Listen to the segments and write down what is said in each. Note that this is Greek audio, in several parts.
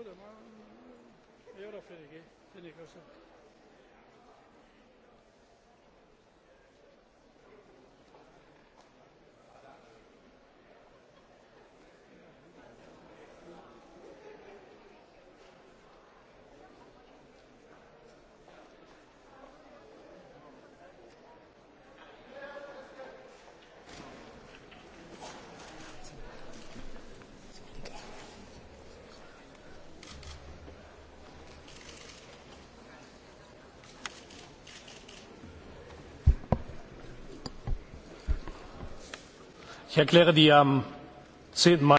Ευχαριστώ. Ευχαριστώ. Ευχαριστώ. Ευχαριστώ. Ευχαριστώ. Ευχαριστώ. Ευχαριστώ. Ich erkläre die am zehn Mai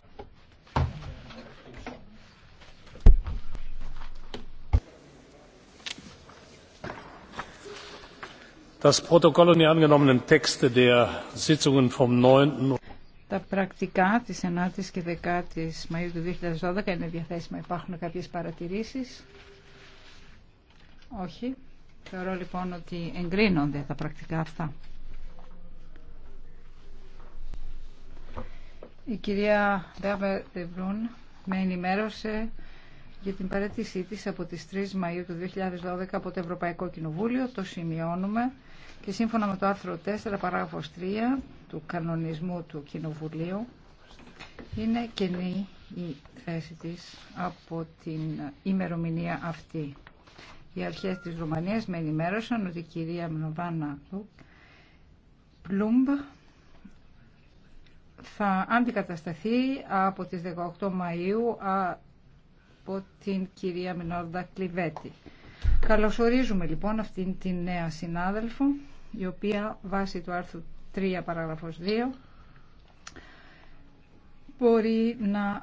das Protokoll und die angenommenen Texte der Sitzungen vom neun Τα πρακτικά τη 9 η και 10 η Μαΐου του 2012 είναι διαθέσιμα. Υπάρχουν κάποιε παρατηρήσει. Όχι. Θεωρώ λοιπόν ότι εγκρίνονται τα πρακτικά αυτά. Η κυρία Ντάβα Δευρούν με ενημέρωσε για την παρέτησή της από τις 3 Μαΐου του 2012 από το Ευρωπαϊκό Κοινοβούλιο, το σημειώνουμε και σύμφωνα με το άρθρο 4 παράγραφος 3 του κανονισμού του Κοινοβουλίου είναι κενή η θέση της από την ημερομηνία αυτή. Οι αρχές της Ρουμανίας με ενημέρωσαν ότι η κυρία Μνοβάνα Πλούμπ θα αντικατασταθεί από τις 18 Μαΐου από την κυρία Μινόρντα Κλιβέτη. Καλωσορίζουμε λοιπόν αυτήν την νέα συνάδελφο, η οποία βάσει του άρθρου 3 παράγραφος 2 μπορεί να